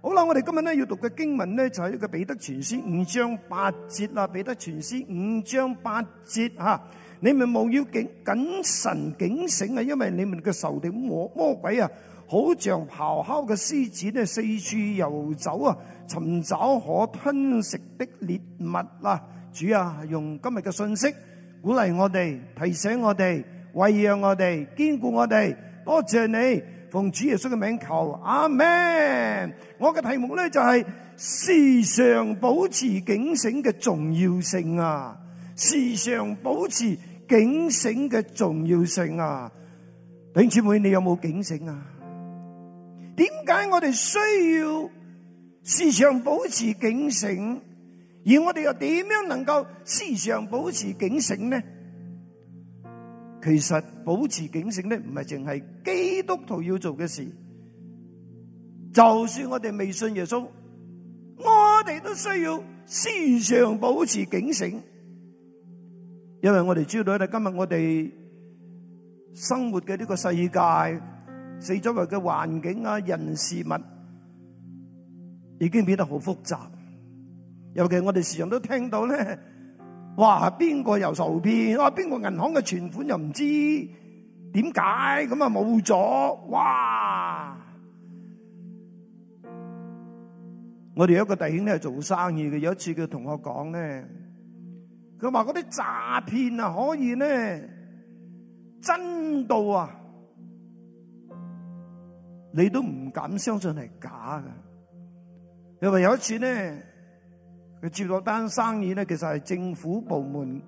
好啦，我哋今日咧要讀嘅經文咧就係呢個彼得前書五章八節啦。彼得前書五章八節吓，你們務要警謹慎警醒啊！因為你們嘅仇敵魔魔鬼啊，好像咆哮嘅獅子咧，四處遊走啊，尋找可吞食的獵物啦。主啊，用今日嘅信息鼓勵我哋，提醒我哋，餵養我哋，堅固我哋。多謝你。奉主耶穌嘅名求，阿門！我嘅題目咧就係、是、時常保持警醒嘅重要性啊！時常保持警醒嘅重要性啊！弟兄姊妹，你有冇警醒啊？點解我哋需要時常保持警醒？而我哋又點樣能夠時常保持警醒呢？其實保持警醒咧，唔係淨係基督徒要做嘅事。就算我哋未信耶穌，我哋都需要時常保持警醒，因為我哋知道咧，今日我哋生活嘅呢個世界，四周圍嘅環境啊、人事物，已經變得好複雜。尤其我哋時常都聽到咧。哇！邊個又受騙？我話邊個銀行嘅存款又唔知點解咁啊，冇咗！哇！我哋有一個弟兄咧係做生意嘅，有一次佢同學講咧，佢話嗰啲詐騙啊可以咧，真到啊，你都唔敢相信係假嘅。因為有一次咧。佢接咗單生意咧，其實係政府部門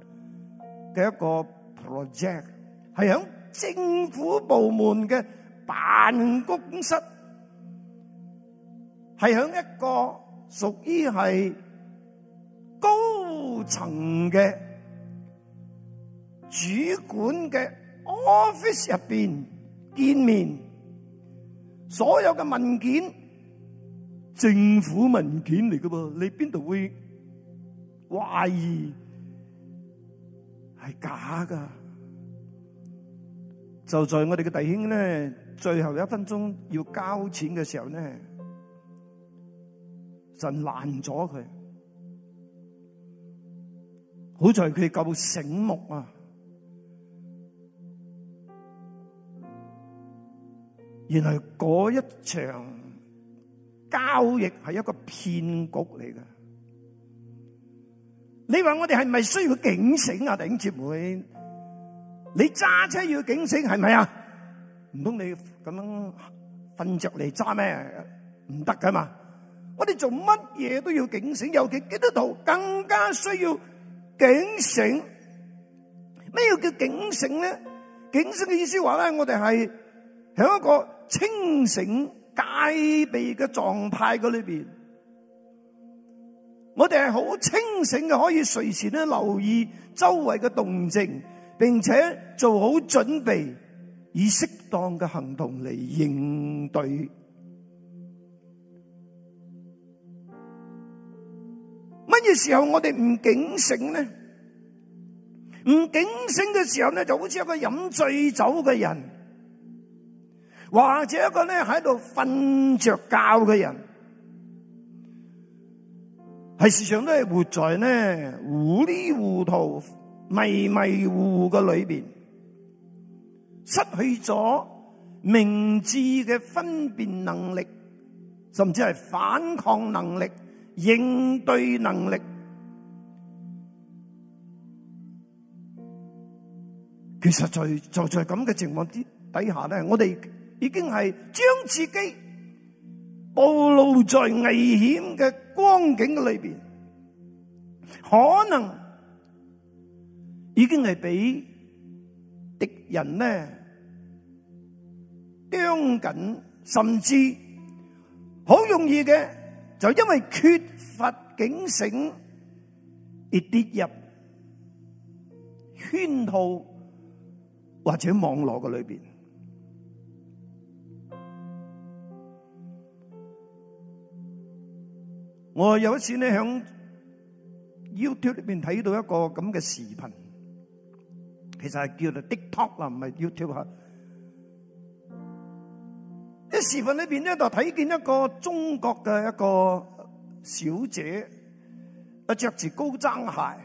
嘅一個 project，係響政府部門嘅辦公室，係響一個屬於係高層嘅主管嘅 office 入邊見面，所有嘅文件，政府文件嚟噶噃，你邊度會？懷疑係假噶，就在我哋嘅弟兄咧最後一分鐘要交錢嘅時候咧，神攔咗佢。好在佢夠醒目啊！原來嗰一場交易係一個騙局嚟嘅。你話我哋係咪需要警醒啊？弟兄姐妹，你揸車要警醒係咪啊？唔通你咁樣瞓着嚟揸咩？唔得噶嘛！我哋做乜嘢都要警醒，尤其基督徒更加需要警醒。咩叫警醒咧？警醒嘅意思話咧，我哋係響一個清醒戒備嘅狀態嗰裏邊。我哋係好清醒嘅，可以隨時咧留意周圍嘅動靜，並且做好準備，以適當嘅行動嚟應對。乜嘢時候我哋唔警醒咧？唔警醒嘅時候咧，就好似一個飲醉酒嘅人，或者一個咧喺度瞓着覺嘅人。係世上都係活在呢糊裏糊塗、迷迷糊糊嘅裏邊，失去咗明智嘅分辨能力，甚至係反抗能力、應對能力。其實，在就在咁嘅情況之底下咧，我哋已經係將自己。暴露在危險嘅光景裏邊，可能已經係俾敵人呢盯緊，甚至好容易嘅就因為缺乏警醒而跌入圈套或者網絡嘅裏邊。我有一次咧喺 YouTube 裏邊睇到一個咁嘅視頻，其實係叫做 TikTok 啦，唔係 YouTube 吓。喺視頻裏邊咧就睇見一個中國嘅一個小姐，佢着住高踭鞋，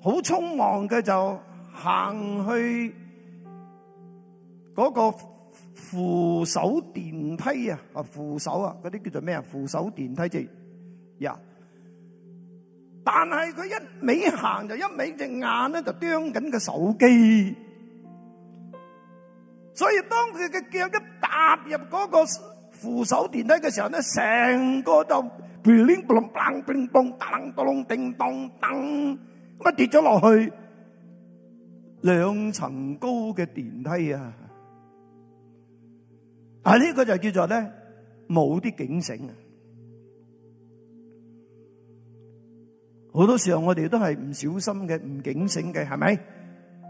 好匆忙嘅就行去嗰個。扶手電梯啊，啊扶手啊，嗰啲叫做咩啊？扶手電梯啫，呀！但係佢一尾行就一尾隻眼咧就啄緊個手機，所以當佢嘅腳一踏入嗰個扶手電梯嘅時候咧，成個就乒鈴乒啷乒咚乒啷乒咚叮咚噔，乜跌咗落去兩層高嘅電梯啊！啊！呢個就叫做咧冇啲警醒啊！好多時候我哋都係唔小心嘅，唔警醒嘅，係咪？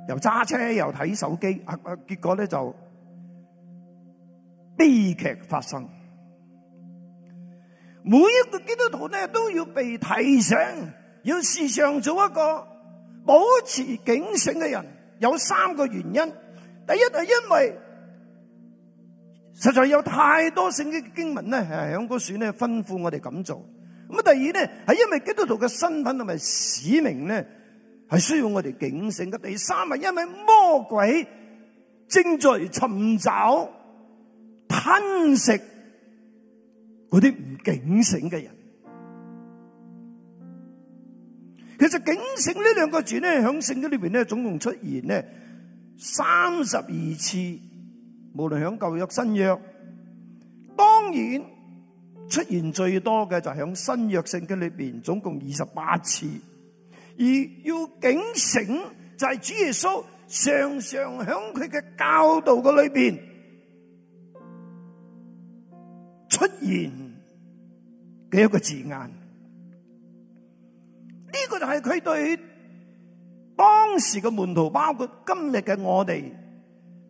又揸車又睇手機，啊啊！結果咧就悲劇發生。每一個基督徒咧都要被提醒，要時常做一個保持警醒嘅人。有三個原因，第一係因為。實在有太多聖經經文咧，係喺嗰處咧吩咐我哋咁做。咁啊，第二咧係因為基督徒嘅身份同埋使命咧係需要我哋警醒嘅。第三係因為魔鬼正在尋找吞食嗰啲唔警醒嘅人。其實警醒呢兩個字咧喺聖經裏邊咧總共出現呢三十二次。無論響舊約新約，當然出現最多嘅，就響新約聖經裏邊，總共二十八次。而要警醒就係主耶穌常常響佢嘅教導嘅裏邊出現嘅一個字眼。呢個就係佢對當時嘅門徒，包括今日嘅我哋，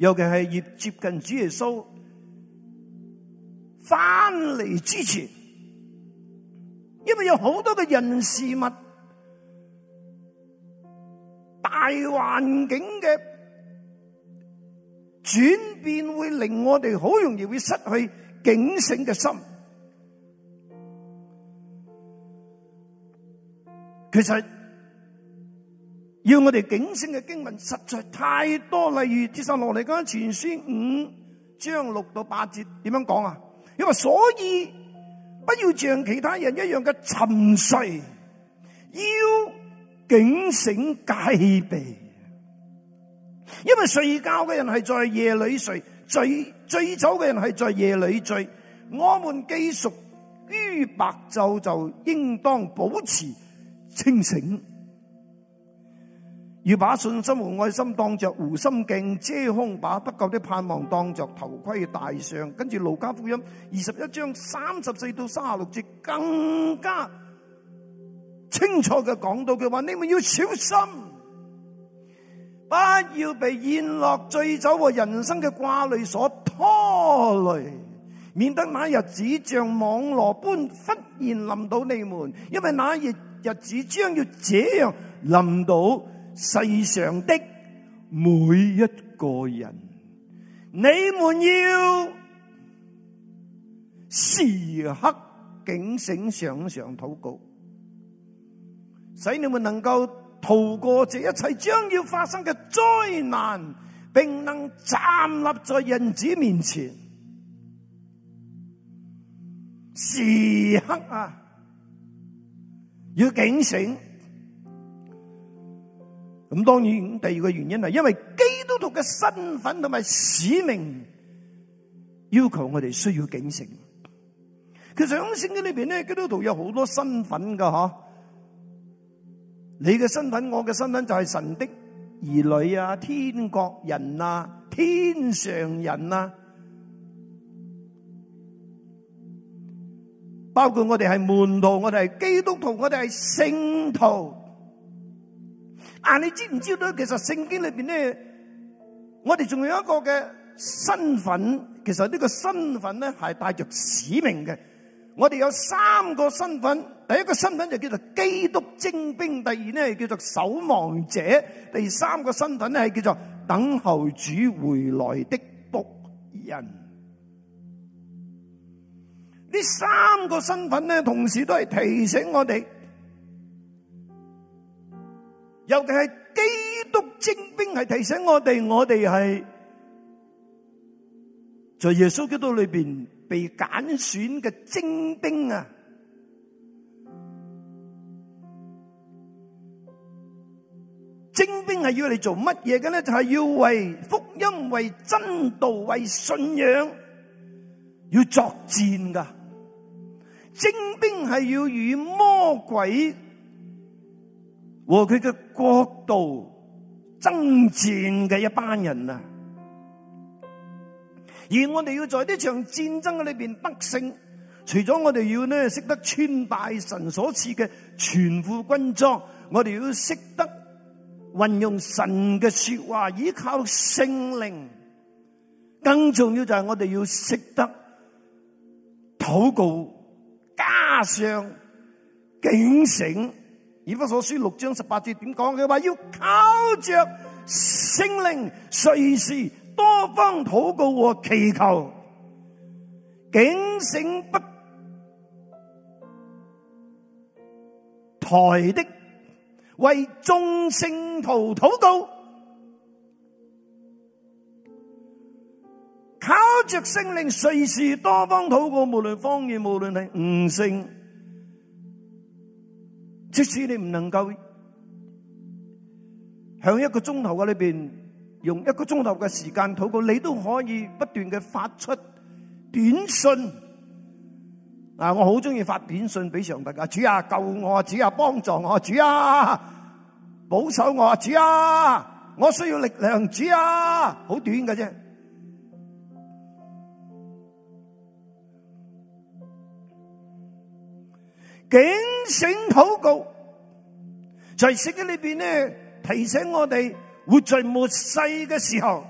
尤其係越接近主耶穌翻嚟之前，因為有好多嘅人事物、大環境嘅轉變，會令我哋好容易會失去警醒嘅心。其實。要我哋警醒嘅經文實在太多，例如《帖撒羅尼迦前書五章六到八節》點樣講啊？因為所以，不要像其他人一樣嘅沉睡，要警醒戒備。因為睡覺嘅人係在夜裏睡，醉醉酒嘅人係在夜裏醉。我們既屬於白晝，就應當保持清醒。要把信心和愛心當作護心鏡遮胸，把不夠的盼望當作頭盔戴上。跟住《路加福音》二十一章三十四到三十六節，更加清楚嘅講到佢話：你們要小心，不要被宴樂、醉酒和人生嘅掛慮所拖累，免得那日子像網羅般忽然臨到你們。因為那日日子將要這樣臨到。世上的每一個人，你們要時刻警醒，常常禱告，使你們能夠逃過這一切將要發生嘅災難，並能站立在人子面前。時刻啊，要警醒。咁當然，第二個原因係因為基督徒嘅身份同埋使命要求我哋需要警醒。其實喺聖經裏邊咧，基督徒有好多身份噶，吓。你嘅身份，我嘅身份就係神的兒女啊，天國人啊，天上人啊。包括我哋係門徒，我哋係基督徒，我哋係聖徒。啊！你知唔知道？其實聖經裏邊咧，我哋仲有一個嘅身份，其實呢個身份咧係帶着使命嘅。我哋有三個身份，第一個身份就叫做基督精兵，第二咧叫做守望者，第三個身份咧係叫做等候主回來的僕人。呢三個身份咧，同時都係提醒我哋。尤其係基督精兵，係提醒我哋，我哋係在耶穌基督裏邊被揀選嘅精兵啊！精兵係要嚟做乜嘢嘅咧？就係要為福音、為真道、為信仰要作戰噶。精兵係要與魔鬼。和佢嘅國度征戰嘅一班人啊，而我哋要在呢場戰爭裏邊得勝，除咗我哋要呢識得穿戴神所賜嘅全副軍裝，我哋要識得運用神嘅說話，依靠聖靈，更重要就係我哋要識得禱告，加上警醒。以弗所書六章十八節點講？佢話要靠着聖靈，隨時多方禱告和祈求，警醒不台的為眾聖徒禱告，靠着聖靈隨時多方禱告，無論方言，無論係悟性。即使你唔能夠響一個鐘頭嘅裏邊，用一個鐘頭嘅時間禱告，你都可以不斷嘅發出短信。嗱，我好中意發短信俾上帝噶，主啊救我，主啊幫助我，主啊保守我，主啊我需要力量，主啊，好短嘅啫。警醒禱告，在聖經裏邊咧，提醒我哋活在末世嘅時候，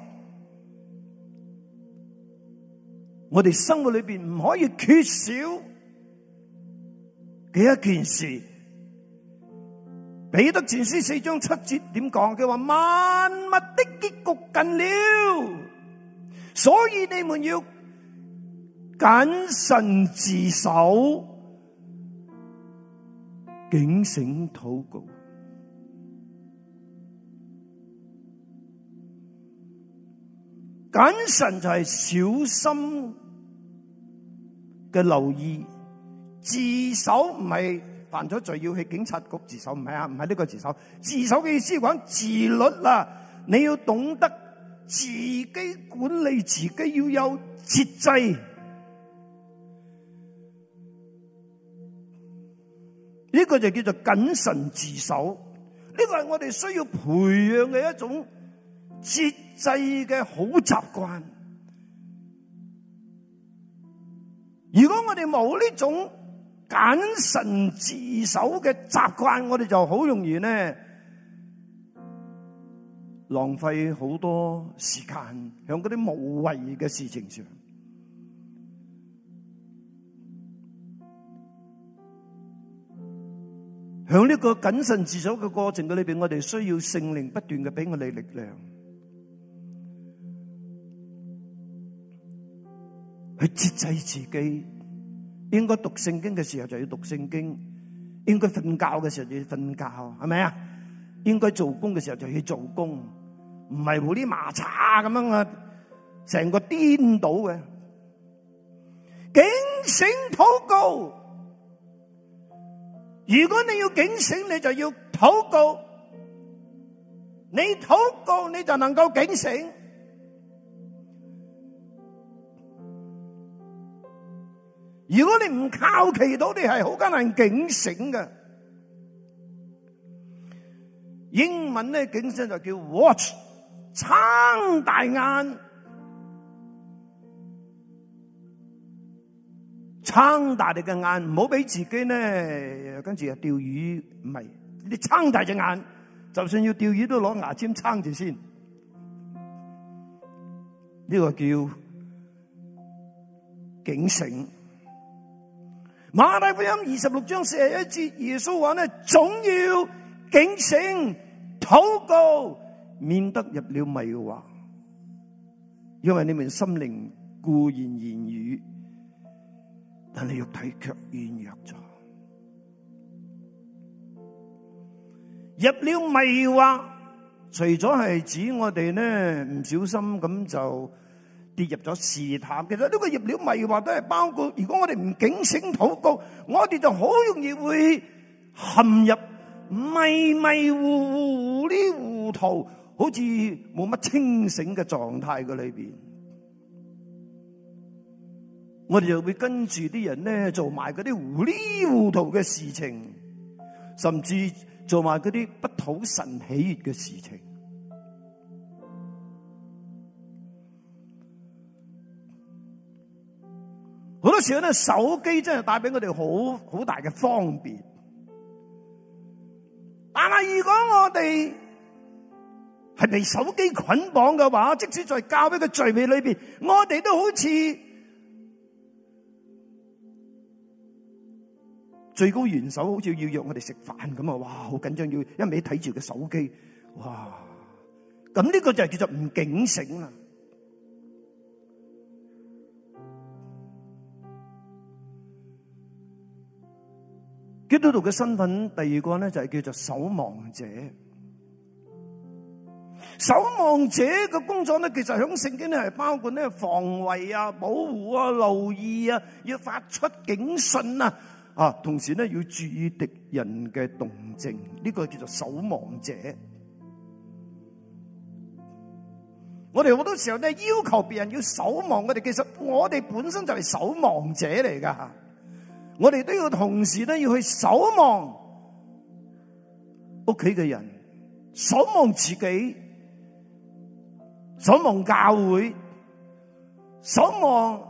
我哋生活裏邊唔可以缺少嘅一件事。彼得前書四章七節點講嘅話：萬物的結局近了，所以你們要謹慎自守。警醒禱告，謹慎就係小心嘅留意。自首唔係犯咗罪，要去警察局自首，唔係啊，唔係呢個自首。自首嘅意思講自律啦、啊，你要懂得自己管理自己，要有節制。呢個就叫做謹慎自守，呢個係我哋需要培養嘅一種節制嘅好習慣。如果我哋冇呢種謹慎自守嘅習慣，我哋就好容易咧浪費好多時間響啲無謂嘅事情上。喺呢個謹慎自守嘅過程嘅裏邊，我哋需要聖靈不斷嘅俾我哋力量，去節制自己。應該讀聖經嘅時候就要讀聖經，應該瞓覺嘅時候就要瞓覺，係咪啊？應該做工嘅時候就要做工，唔係胡呢麻茶咁樣啊，成個顛倒嘅。警醒禱告。如果你要警醒，你就要禱告。你禱告，你就能夠警醒。如果你唔靠祈禱，你係好艱難警醒嘅。英文咧，警醒就叫 watch，撐大眼。撐大你嘅眼，唔好俾自己呢，跟住啊釣魚唔係，你撐大隻眼，就算要釣魚都攞牙籤撐住先。呢、這個叫警醒。馬太福音二十六章四十一節耶穌話：呢總要警醒禱告，免得入了迷惑，因為你們心靈固然言語。但係肉體卻軟弱咗。入了迷惑，除咗係指我哋呢，唔小心咁就跌入咗試探。其實呢個入了迷惑都係包括，如果我哋唔警醒禱告，我哋就好容易會陷入迷迷糊糊糊裏糊塗，好似冇乜清醒嘅狀態嗰裏邊。我哋就會跟住啲人咧，做埋嗰啲糊裏糊塗嘅事情，甚至做埋嗰啲不討神喜悅嘅事情。好多時候咧，手機真係帶俾我哋好好大嘅方便。但係如果我哋係被手機捆綁嘅話，即使在教會嘅聚會裏邊，我哋都好似。最高元首好似要約我哋食飯咁啊！哇，好緊張，要一味睇住個手機。哇，咁呢個就係叫做唔警醒啦。基督徒嘅身份，第二個咧就係叫做守望者。守望者嘅工作咧，其實喺聖經咧係包括咧防衛啊、保護啊、留意啊，要發出警訊啊。啊！同時咧要注意敵人嘅動靜，呢個叫做守望者。我哋好多時候咧要求別人要守望，我哋其實我哋本身就係守望者嚟噶。我哋都要同時都要去守望屋企嘅人，守望自己，守望教會，守望。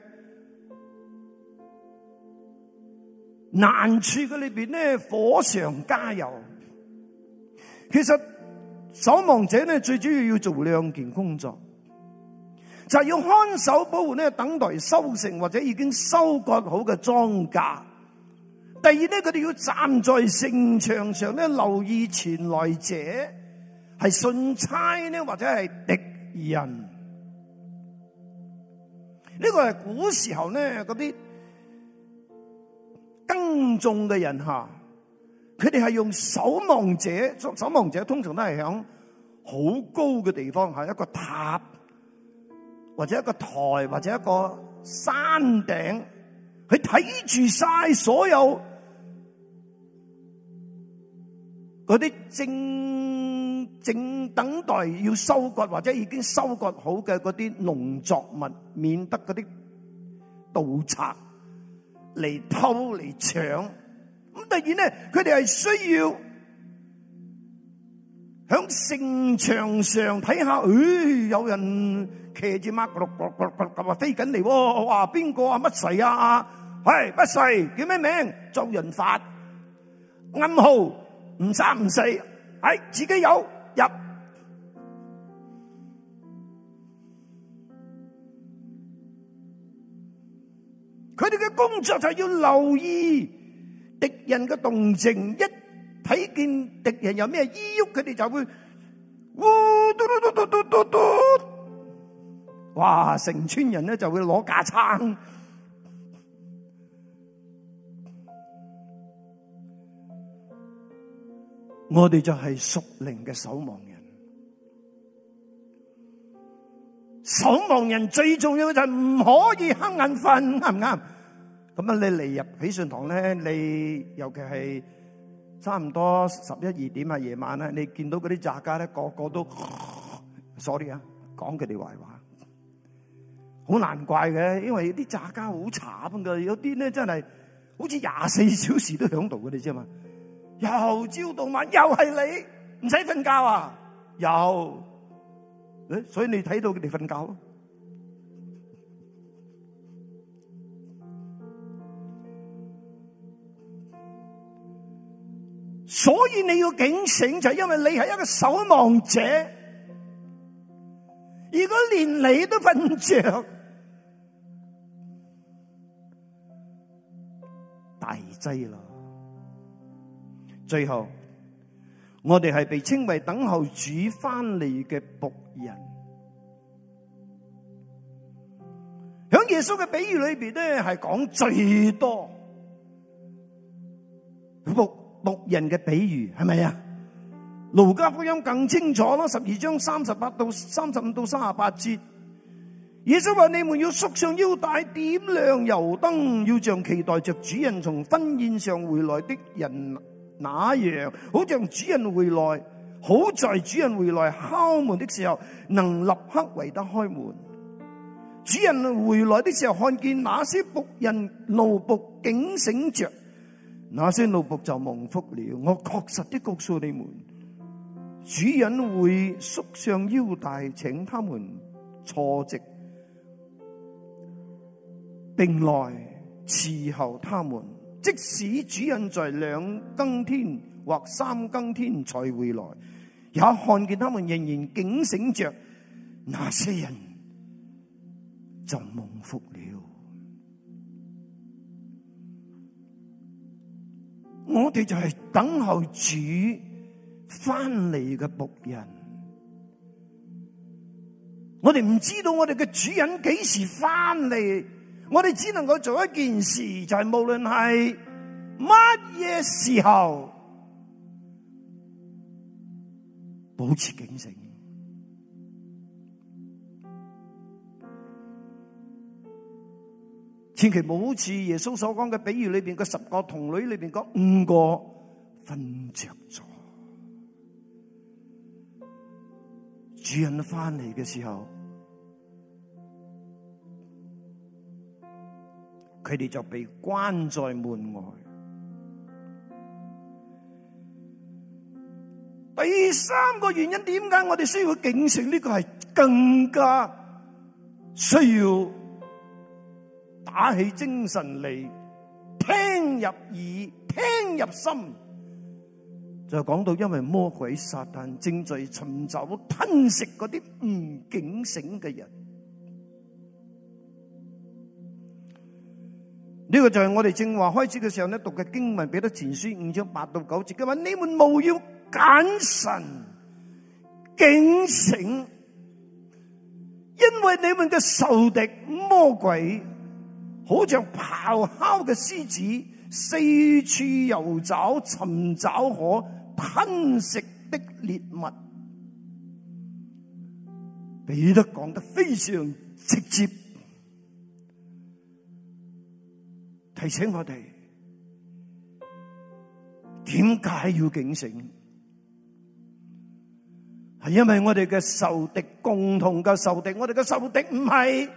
難處嘅裏邊呢，火上加油。其實守望者呢，最主要要做兩件工作，就係要看守保護呢等待收成或者已經收割好嘅莊稼。第二呢，佢哋要站在城牆上呢留意前來者係信差呢，或者係敵人。呢個係古時候呢嗰啲。耕種嘅人吓，佢哋係用守望者守，守望者通常都係響好高嘅地方，係一個塔或者一個台或者一個山頂，去睇住晒所有嗰啲正正等待要收割或者已經收割好嘅嗰啲農作物，免得嗰啲盜賊。嚟偷嚟搶，咁突然咧，佢哋係需要響城牆上睇下，誒，有人騎住馬，話飛緊嚟，話邊個啊？乜水啊？係乜水？叫咩名？周潤發，暗號唔三唔四，係自己有入。工作就要留意敵人嘅動靜，一睇見敵人有咩衣喐，佢哋就會嘟嘟嘟嘟嘟嘟，哇！成村人咧就會攞架撐，我哋就係屬靈嘅守望人，守望人最重要嘅就係唔可以瞌眼瞓，啱唔啱？咁啊！你嚟入喜信堂咧，你尤其係差唔多十一二點啊，夜晚咧，你見到嗰啲宅家咧，個個都 sorry 啊，講佢哋壞話，好難怪嘅，因為啲宅家好慘噶，有啲咧真係好似廿四小時都喺度嘅，你知嘛？由朝到晚又係你唔使瞓覺啊，又，誒，所以你睇到佢哋瞓覺。所以你要警醒，就係因為你係一個守望者。如果連你都瞓着，大劑啦！最後，我哋係被稱為等候主翻嚟嘅僕人。響耶穌嘅比喻裏邊咧，係講最多僕人嘅比喻係咪啊？是是《路加福音》更清楚咯，十二章三十八到三十五到三十八節，耶穌話：你們要束上腰帶，點亮油燈，要像期待着主人從婚宴上回來的人那樣，好像主人回來，好在主人回來敲門的時候，能立刻圍得開門。主人回來的時候，看見那些僕人怒僕警醒着。那些奴僕就蒙福了。我確實的告訴你們，主人會束上腰帶，請他們坐席，並來伺候他們。即使主人在兩更天或三更天才回來，也看見他們仍然警醒着。那些人就蒙福。我哋就係等候主翻嚟嘅僕人，我哋唔知道我哋嘅主人幾時翻嚟，我哋只能夠做一件事，就係無論係乜嘢時候，保持警醒。千祈冇好似耶穌所講嘅比喻裏邊嘅十個童女，裏邊嗰五個瞓着咗。主人翻嚟嘅時候，佢哋就被關在門外。第三個原因，點解我哋需要去警醒？呢個係更加需要。打起精神嚟，聽入耳，聽入心，就講到因為魔鬼撒旦正在尋找吞食嗰啲唔警醒嘅人。呢個就係我哋正話開始嘅時候呢讀嘅經文，彼得前書五章八到九節，佢話，你們務要謹慎警醒，因為你們嘅仇敵魔鬼。好像咆哮嘅獅子，四處遊走，尋找可吞食的獵物。彼得講得非常直接，提醒我哋點解要警醒，係因為我哋嘅仇敵，共同嘅仇敵，我哋嘅仇敵唔係。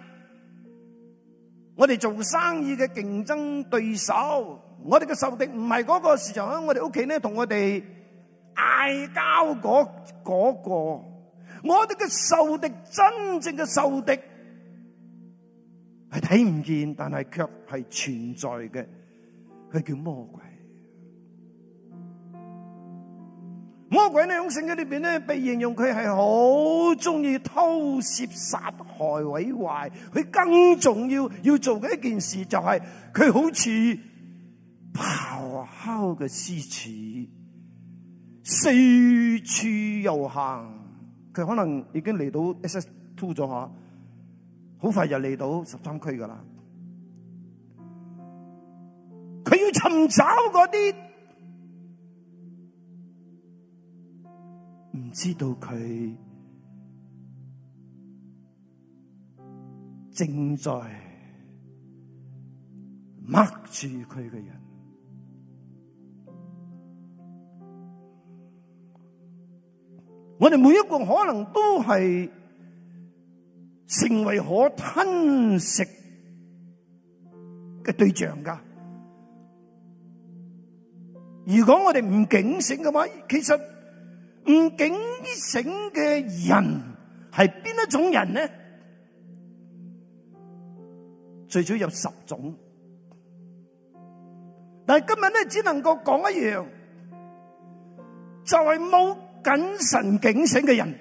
我哋做生意嘅競爭對手，我哋嘅仇敵唔係嗰個時常喺我哋屋企咧同我哋嗌交嗰嗰個，我哋嘅仇敵真正嘅仇敵係睇唔見，但係卻係存在嘅，佢叫魔鬼。魔鬼咧喺聖經呢邊咧，被形容佢係好中意偷竊、殺害、毀壞。佢更重要要做嘅一件事就係，佢好似咆哮嘅獅子，四處遊行。佢可能已經嚟到 S S Two 咗吓，好快就嚟到十三區噶啦。佢要尋找嗰啲。知道佢正在擘住佢嘅人，我哋每一個可能都係成為可吞食嘅對象㗎。如果我哋唔警醒嘅話，其實。唔警醒嘅人係邊一種人呢？最少有十種，但係今日呢，只能夠講一樣，就係冇謹慎警醒嘅人。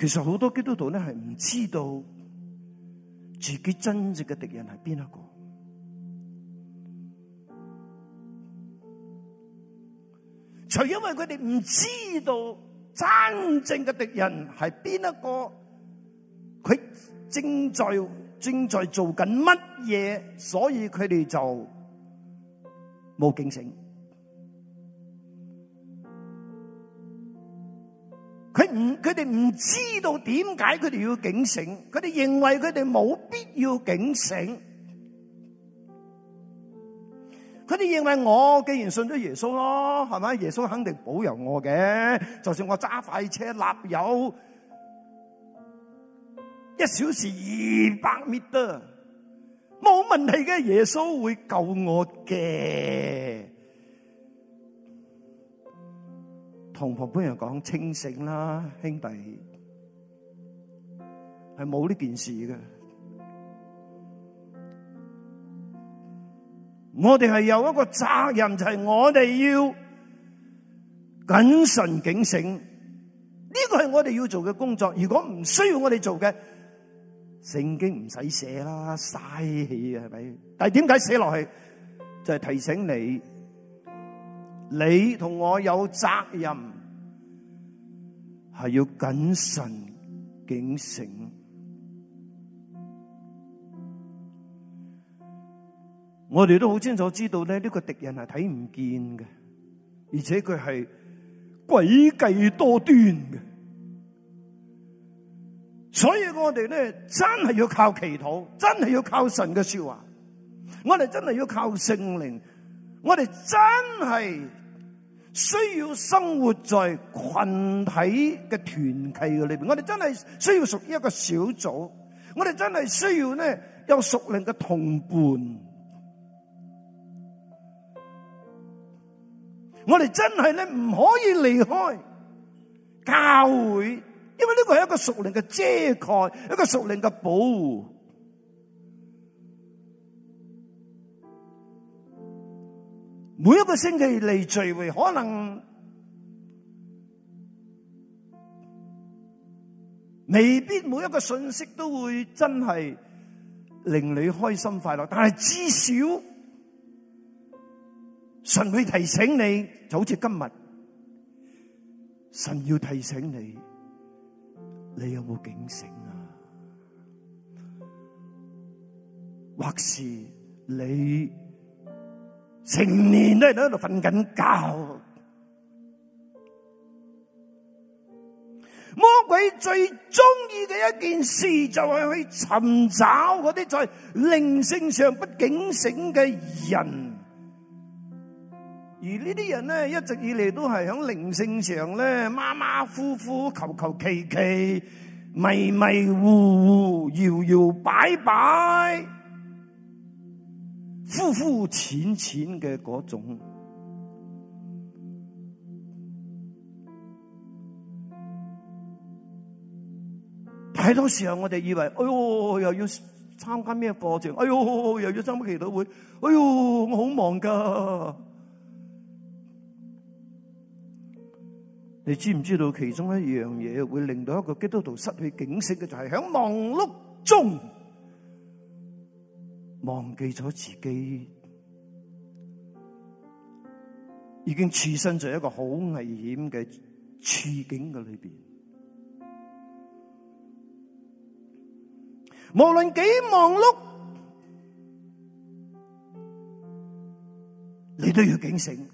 其實好多基督徒呢，係唔知道。自己真正嘅敵人係邊一個？除因為佢哋唔知道真正嘅敵人係邊一個，佢正在正在做緊乜嘢，所以佢哋就冇警醒。佢哋唔知道點解佢哋要警醒，佢哋認為佢哋冇必要警醒，佢哋認為我既然信咗耶穌咯，係咪？耶穌肯定保佑我嘅，就算我揸快車，立油一小時二百米度，冇問題嘅，耶穌會救我嘅。同旁邊人講，清醒啦，兄弟，係冇呢件事嘅。我哋係有一個責任，就係我哋要謹慎警醒。呢個係我哋要做嘅工作。如果唔需要我哋做嘅，聖經唔使寫啦，嘥氣啊，係咪？但係點解寫落去就係提醒你？你同我有責任，係要謹慎警醒。我哋都好清楚知道咧，呢個敵人係睇唔見嘅，而且佢係詭計多端嘅。所以我哋咧真係要靠祈禱，真係要靠神嘅說話，我哋真係要靠聖靈，我哋真係。需要生活在群體嘅團契裏邊，我哋真係需要屬於一個小組，我哋真係需要咧有屬靈嘅同伴，我哋真係咧唔可以離開教會，因為呢個係一個屬靈嘅遮蓋，一個屬靈嘅保護。每一個星期嚟聚會，可能未必每一個信息都會真係令你開心快樂，但係至少神會提醒你，就好似今日，神要提醒你，你有冇警醒啊？或是你，成年都喺度瞓緊覺，魔鬼最中意嘅一件事就係去尋找嗰啲在靈性上不警醒嘅人，而呢啲人咧一直以嚟都係響靈性上咧馬馬虎虎、求求其其、迷迷糊糊、搖搖擺擺。膚膚淺淺嘅嗰種，太多時候我哋以為，哎呦又要參加咩課程，哎呦又要參加祈禱會，哎呦我好忙㗎。你知唔知道其中一樣嘢會令到一個基督徒失去景色嘅，就係響忙碌中。忘記咗自己，已經置身在一個好危險嘅處境嘅裏面。無論幾忙碌，你都要警醒。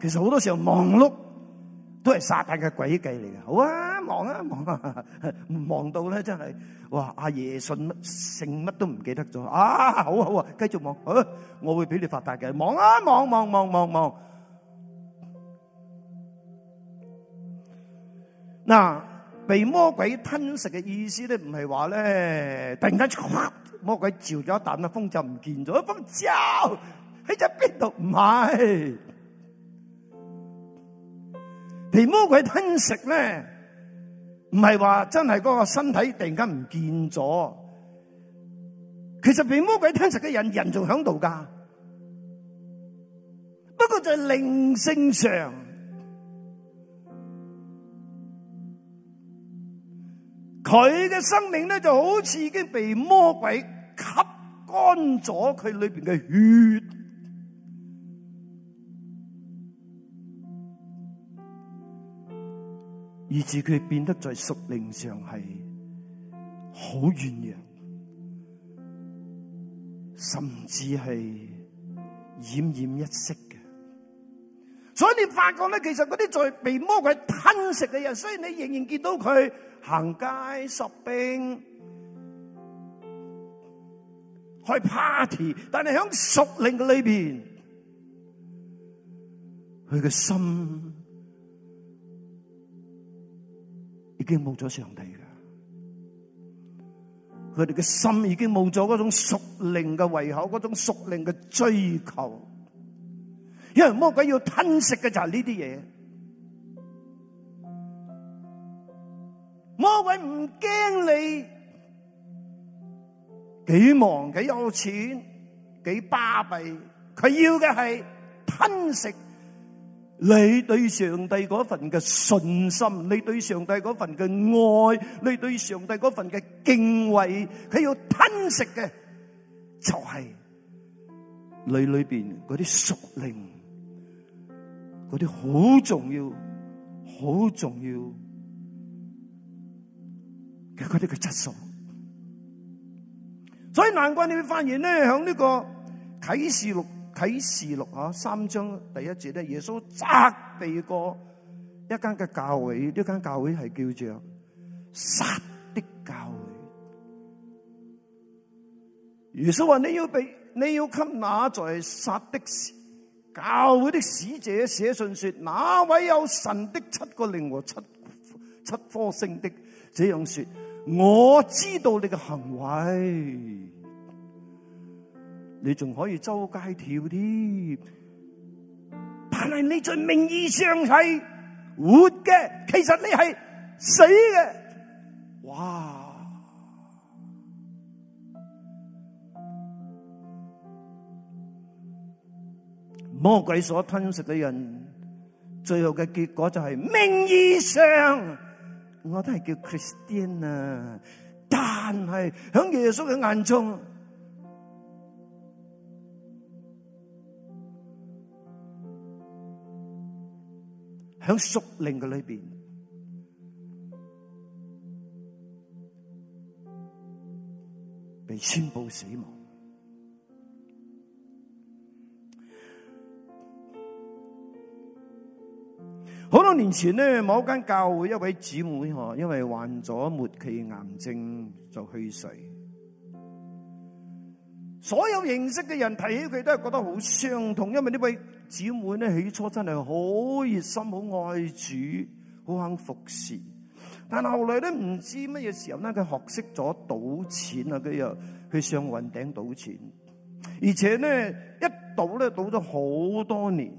其實好多時候忙碌，都係撒旦嘅詭計嚟嘅，好啊，望啊望，望到咧真係，哇！阿爺信乜姓乜都唔記得咗，啊，好好啊，繼續望，我會俾你發達嘅，望啊望望望望望。嗱，被魔鬼吞食嘅意思咧，唔係話咧，突然間，魔鬼召咗一啖啊，風就唔見咗，風召喺隻邊度唔係？被魔鬼吞食咧，唔係話真係個身體突然間唔見咗。其實被魔鬼吞食嘅人，人仲響度噶，不過就係靈性上，佢嘅生命咧就好似已經被魔鬼吸乾咗，佢裏邊嘅血。以至佢變得在屬靈上係好軟弱，甚至係奄奄一息嘅。所以你發覺咧，其實嗰啲在被魔鬼吞食嘅人，雖然你仍然見到佢行街 shopping、開 party，但係喺屬靈嘅裏邊，佢嘅心。已經冇咗上帝啦！佢哋嘅心已經冇咗嗰種屬靈嘅胃口，嗰種屬靈嘅追求。因為魔鬼要吞食嘅就係呢啲嘢，魔鬼唔驚你幾忙、幾有錢、幾巴閉，佢要嘅係吞食。你對上帝嗰份嘅信心，你對上帝嗰份嘅愛，你對上帝嗰份嘅敬畏，佢要吞食嘅就係你裏邊嗰啲屬靈，嗰啲好重要、好重要嘅嗰啲嘅質素。所以難怪你會發現咧，響呢個啟示錄。啟示錄啊，三章第一節咧，耶穌責備過一間嘅教會，呢間教會係叫做「殺的教會」。耶穌話：你要被，你要給那在殺的教會的使者寫信說，哪位有神的七個靈和七七顆星的，這樣說，我知道你嘅行為。你仲可以周街跳添，但係你在名義上係活嘅，其實你係死嘅。哇！魔鬼所吞食嘅人，最後嘅結果就係名義上我都係叫 Christian 啊，但係響耶穌嘅眼中喺宿令嘅裏邊，被宣布死亡。好多年前咧，某間教會一位姊妹嗬，因為患咗末期癌症就去世。所有認識嘅人提起佢都係覺得好傷痛，因為這位子呢位姊妹咧起初真係好熱心、好愛主、好肯服侍。但後嚟咧唔知乜嘢時候咧，佢學識咗賭錢啊！佢又去上雲頂賭錢，而且咧一賭咧賭咗好多年。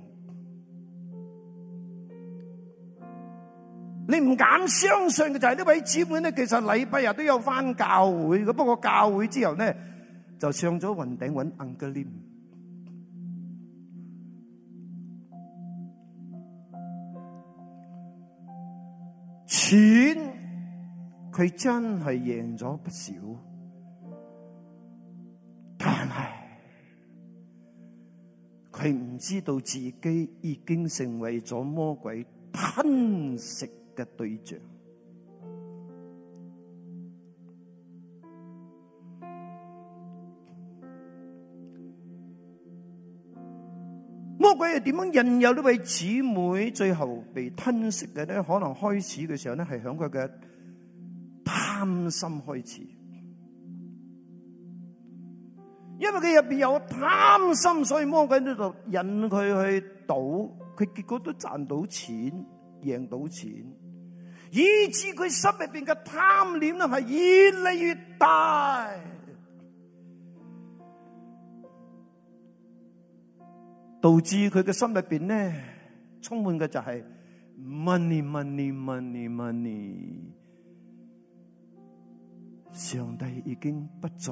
你唔敢相信嘅就係呢位姊妹咧，其實禮拜日都有返教會，不過教會之後咧。就上咗雲頂揾 Uncle Lim，錢佢真係贏咗不少，但係佢唔知道自己已經成為咗魔鬼吞食嘅對象。魔鬼係點樣引誘呢位姊妹最後被吞噬嘅咧？可能開始嘅時候咧，係響佢嘅貪心開始，因為佢入邊有貪心，所以魔鬼呢度引佢去賭，佢結果都賺到錢，贏到錢，以至佢心入邊嘅貪念咧，係越嚟越大。導致佢嘅心裏邊呢，充滿嘅就係 money money money money，上帝已經不在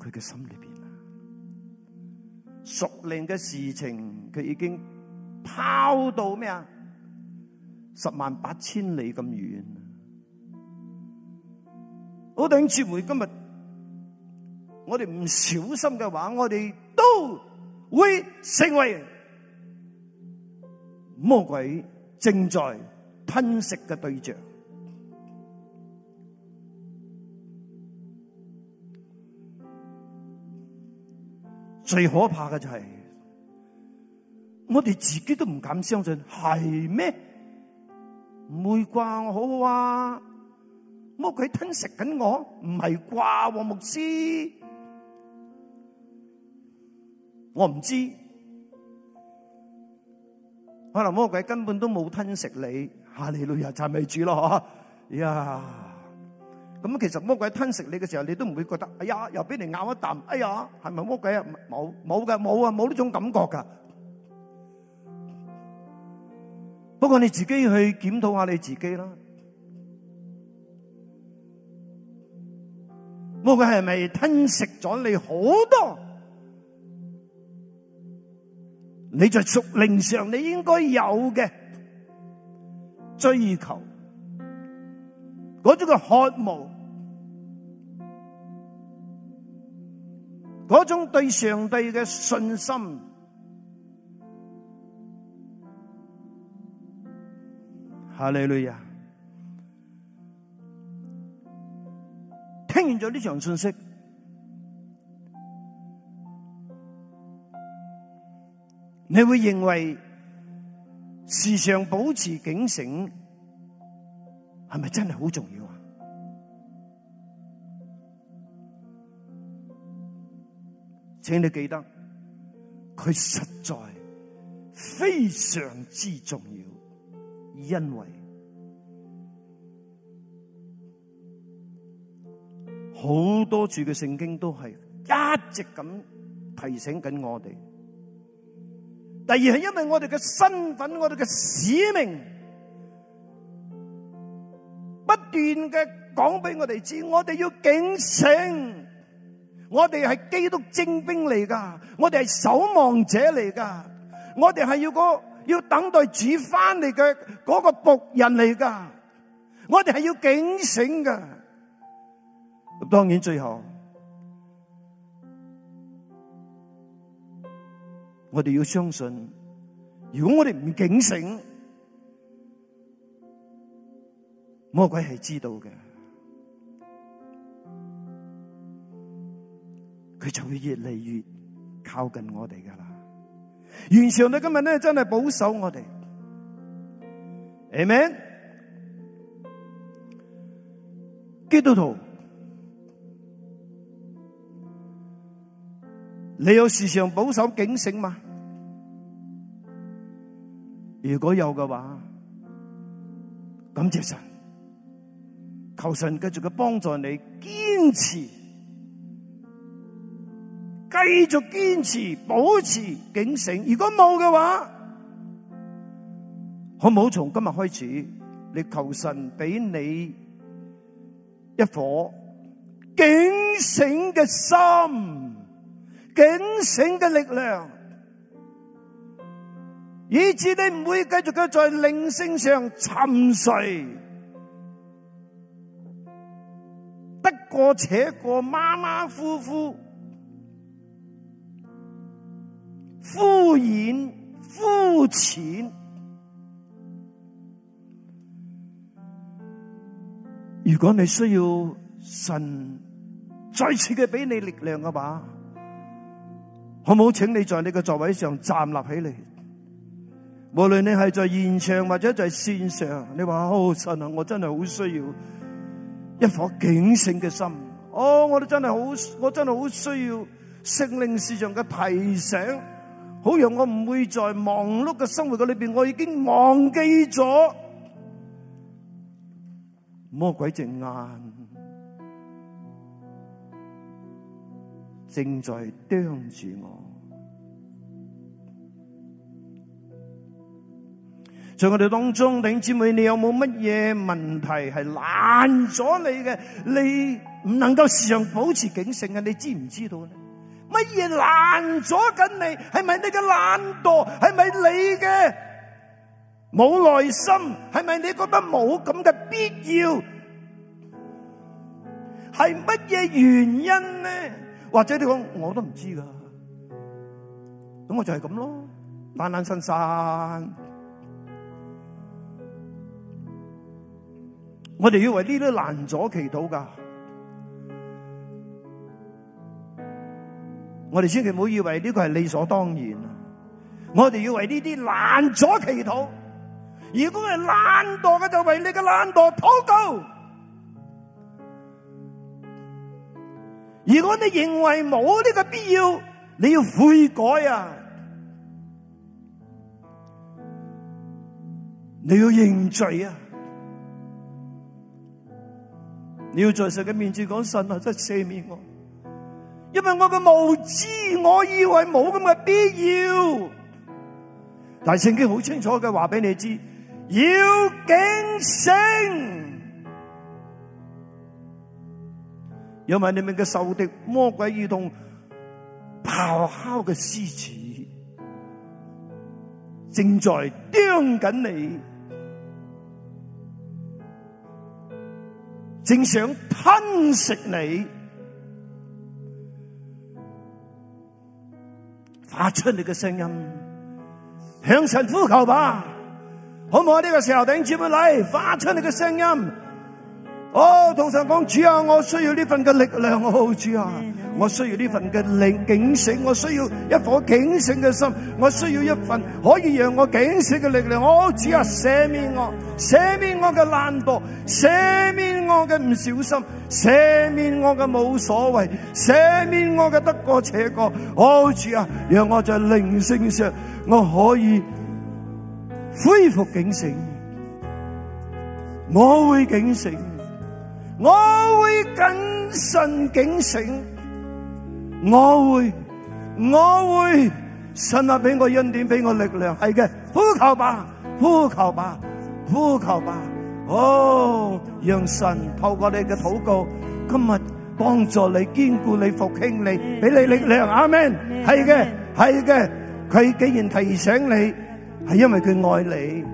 佢嘅心裏邊啦。屬靈嘅事情，佢已經拋到咩啊？十萬八千里咁遠。我等主會今日，我哋唔小心嘅話，我哋都。會成為魔鬼正在吞食嘅對象，最可怕嘅就係我哋自己都唔敢相信係咩？唔會啩？我好啊，魔鬼吞食緊我，唔係啩？牧師。我唔知，可能魔鬼根本都冇吞食你，吓、啊、你老人家未煮咯嗬？啊哎、呀，咁其實魔鬼吞食你嘅時候，你都唔會覺得？哎呀，又俾你咬一啖？哎呀，係咪魔鬼啊？冇冇嘅，冇啊，冇呢種感覺噶。不過你自己去檢討下你自己啦，魔鬼係咪吞食咗你好多？你在屬靈上你應該有嘅追求，嗰種嘅渴望，嗰種對上帝嘅信心。哈利路亞！聽完咗呢場信息。你會認為時常保持警醒係咪真係好重要啊？請你記得，佢實在非常之重要，因為好多處嘅聖經都係一直咁提醒緊我哋。第二係因為我哋嘅身份，我哋嘅使命不斷嘅講俾我哋知，我哋要警醒，我哋係基督精兵嚟噶，我哋係守望者嚟噶，我哋係要個要等待主翻嚟嘅嗰個僕人嚟噶，我哋係要警醒噶，咁當然最後。我哋要相信，如果我哋唔警醒，魔鬼係知道嘅，佢就會越嚟越靠近我哋噶啦。元常，你今日咧真係保守我哋，amen。基督徒，你有時常保守警醒嗎？如果有嘅話，感謝神，求神繼續去幫助你堅持，繼續堅持，保持警醒。如果冇嘅話，可唔可以從今日開始，你求神俾你一顆警醒嘅心，警醒嘅力量。以致你唔會繼續嘅在靈性上沉睡，得過且過、馬馬虎虎、敷衍膚淺。如果你需要神再次嘅俾你力量嘅話，好唔好請你在你嘅座位上站立起嚟？無論你係在現場或者是在線上，你話好、哦、神啊，我真係好需要一顆警醒嘅心。哦，我都真係好，我真係好需要聖靈時常嘅提醒，好讓我唔會在忙碌嘅生活裏邊，我已經忘記咗魔鬼隻眼正在盯住我。在我哋當中，弟兄姊妹，你有冇乜嘢問題係難咗你嘅？你唔能夠時常保持警醒啊！你知唔知道咧？乜嘢難咗緊你？係咪你嘅懶惰？係咪你嘅冇耐心？係咪你覺得冇咁嘅必要？係乜嘢原因咧？或者你講我都唔知㗎。咁我就係咁咯，懶懶散散。我哋要為呢啲攔阻祈禱噶，我哋千祈唔好以為呢個係理所當然。我哋要為呢啲攔阻祈禱。如果係懶惰嘅，就為你嘅懶惰禱告。如果你認為冇呢個必要，你要悔改啊！你要認罪啊！你要在神嘅面前講神啊，真係赦免我，因為我嘅無知，我以為冇咁嘅必要。但係聖經好清楚嘅話俾你知，要警醒，因為你哋嘅仇敵魔鬼如同咆哮嘅獅子，正在盯緊你。正想吞食你，發出你嘅聲音，向神呼求吧，好唔好？呢、這個時候頂住佢嚟，發出你嘅聲音。哦，同神講，主啊，我需要呢份嘅力量，我、哦、主啊，我需要呢份嘅靈警醒，我需要一顆警醒嘅心，我需要一份可以讓我警醒嘅力量，我、哦、主啊，赦免我，赦免我嘅懶惰，赦免。我嘅唔小心，赦免我嘅冇所謂，赦免我嘅得過且過，主啊，讓我在靈性上我可以恢復警醒，我會警醒，我會謹慎警醒，我會，我會信下俾我恩典，俾我力量，係嘅呼求吧，呼求吧，呼求吧。哦，讓神透過你嘅禱告，今日幫助你、堅固你、復興你，俾你力量。阿門。係嘅，係嘅。佢既然提醒你，係因為佢愛你，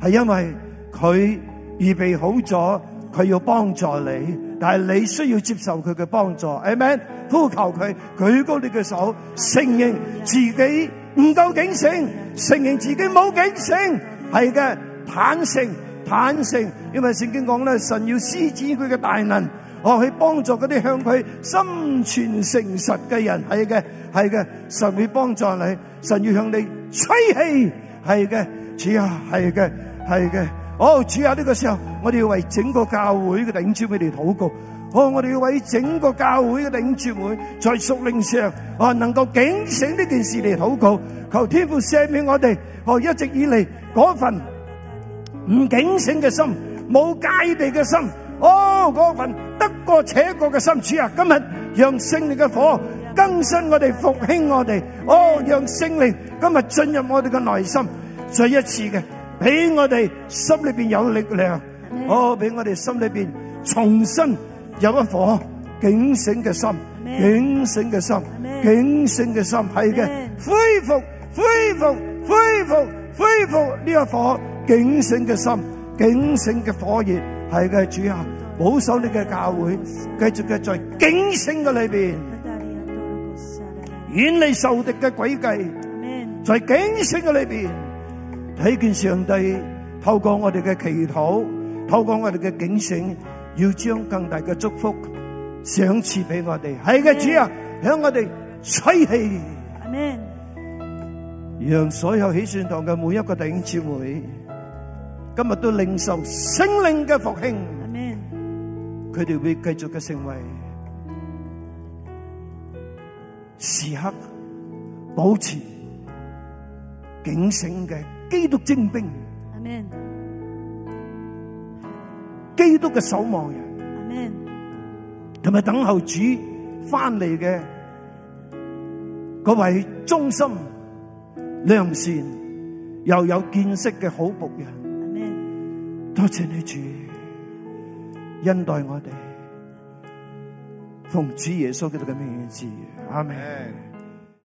係因為佢預備好咗，佢要幫助你，但係你需要接受佢嘅幫助。阿門。呼求佢，舉高你嘅手，承認自己唔夠警醒，承認自己冇警醒。係嘅，坦誠。坦誠，因為聖經講咧，神要施展佢嘅大能，哦去幫助嗰啲向佢心存誠實嘅人，係嘅，係嘅，神會幫助你，神要向你吹氣，係嘅，主啊，係嘅，係嘅，哦，主啊，呢個時候我哋要為整個教會嘅領袖佢哋禱告，哦，我哋要為整個教會嘅領袖們在屬靈上哦能夠警醒呢件事嚟禱告，求天父赦免我哋，哦一直以嚟嗰份。唔警醒嘅心，冇戒備嘅心，哦，嗰份得過且過嘅心志啊！今日讓聖靈嘅火更新我哋、復興我哋，哦，讓聖靈今日進入我哋嘅內心，再一次嘅俾我哋心裏邊有力量，哦，俾我哋心裏邊重新有一顆警醒嘅心、警醒嘅心、警醒嘅心，係嘅，恢復、恢復、恢復、恢復呢個火。警醒嘅心，警醒嘅火焰，係嘅主啊！保守你嘅教會，繼續嘅在警醒嘅裏邊，遠離受敵嘅詭計，在警醒嘅裏邊，睇見上帝透過我哋嘅祈禱，透過我哋嘅警醒，要將更大嘅祝福賞賜俾我哋。係嘅主啊，向我哋吹氣，阿門。讓所有喜善堂嘅每一個弟兄姊妹。今日都領受聖靈嘅復興，佢哋 Amen 會繼續嘅成為時刻保持警醒嘅基督精兵，Amen 基督嘅守望人，同埋 Amen 等候主翻嚟嘅各位忠心良善又有見識嘅好僕人。多謝你主恩待我哋，奉主耶穌基督嘅名字，阿門。